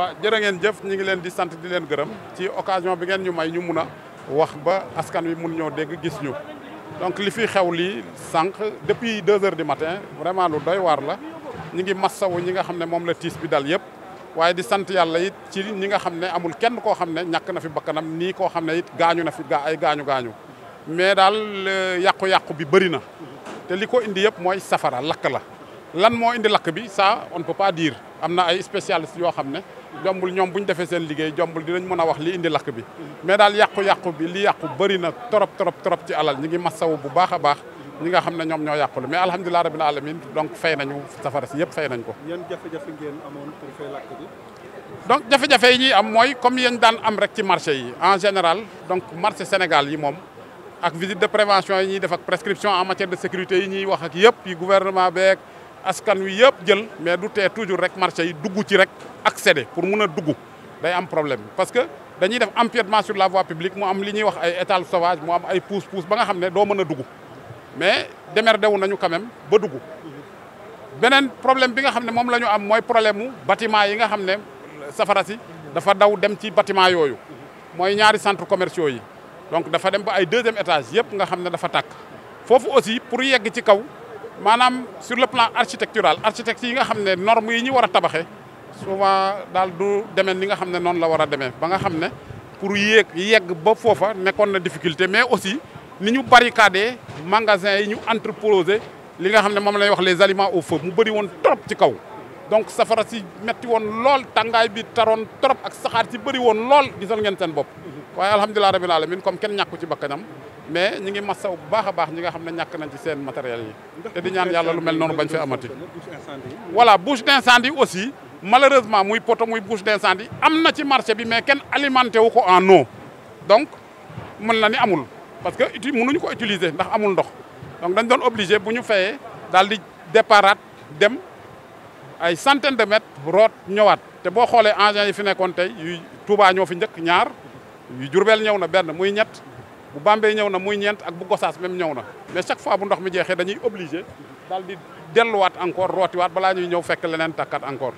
waa jërë ngeen jëf ñi ngi leen di sant di leen gërëm ci occasion bi geen ñu may ñu mun a wax ba askan wi mun ñoo dégg gis ñu donc li fi xew lii sànq depuis deux heures du matin vraiment lu doy waar la ñi ngi massawu ñi nga xam ne moom la tiis bi dal yëpp waaye di sant yàlla it ci ñi nga xam ne amul kenn koo xam ne ñàkk na fi bakkanam nii koo xam ne it gaañu na fi ga ay gaañu gaañu mais daal yàqu-yàqu bi bëri na te li ko indi yëpp mooy safara lakk la lan moo indi lakk bi ça am na ay spécialistes yoo xam ne jombul ñoom bu ñu defee seen liggéey jombul dinañ mën a wax li indi lakk bi mais daal yàqu-yàqu bi li yàqu bëri na trop trop trop ci alal ñi ngi wu bu baax a baax ñi nga xam ne ñoom ñoo yàqule mais alhamdulilah rabbil alamin donc fay nañu safara si yëpp fay nañ ko. yan jafe-jafe ngeen amoon pour fay lakk bi. donc jafe yi ñuy am mooy comme yéen daan am rek ci marché yi en général donc marché Sénégal yi moom ak visite de prévention yi ñuy def ak prescription en matière de sécurité yi ñuy wax ak yëpp yi gouvernement beeg. askan wi yëpp jël mais du te toujours rek marché yi dugg ci rek accéder pour mun a dugg day am problème parce que dañuy def empiètement sur la voie publique mu am li ñuy wax ay étals sauvages mu am ay pousse pousse ba nga xam ne doo mën a dugg mais de wu nañu quand ba dugg beneen problème bi nga xam ne moom la ñu am mooy problème mu bâtiment yi nga xam ne safara si dafa daw dem ci bâtiment yooyu mooy ñaari centres commerciaux yi donc dafa dem ba ay deuxième étage yëpp nga xam ne dafa tàkk foofu aussi pour yegg ci kaw maanaam sur le plan architectural architecte yi nga xam ne norme yi ñu war a tabaxee souvent daal du deme ni nga xam ne noonu la war a demee ba nga xam ne pour yéeg yegg ba foofa nekkoon na difficulté mais aussi ni ñu barricadé magasin yi ñu entreposé li nga xam ne moom lay wax les aliments au feu mu bëri woon trop ci kaw. donc safara si metti woon lool tàngaay bi taroon trop ak saxaar si bëri woon lool gisal ngeen seen bopp. waaye alhamdulilah rabil alamin comme kenn ñàkku ci bakkanam mais ñi ngi massaw bu baax a baax ñi nga xam ne ñàkk nañ ci seen matériel yi te di ñaan yàlla lu mel noonu bañ fi amati voilà bouche d'incendie aussi malheureusement muy poto muy bouche d'incendie am na ci marché bi mais kenn alimenté wu ko en eau donc mën na ni amul parce que uti mënuñu ko utiliser ndax amul ndox donc dañ doon obligé bu ñu fayee daal di déparaat dem ay centaine de mètres root ñëwaat te boo xoolee engins yi fi nekkoon tey yuy Touba fi njëkk ñaar Jurbel ñëw na benn muy ñet bu Bambey ñëw na muy ñeent ak bu Gosaas même ñëw na mais chaque fois bu ndox mi jeexee dañuy obligé daal di delluwaat encore rootiwaat balaa ñuy ñëw fekk leneen takkat encore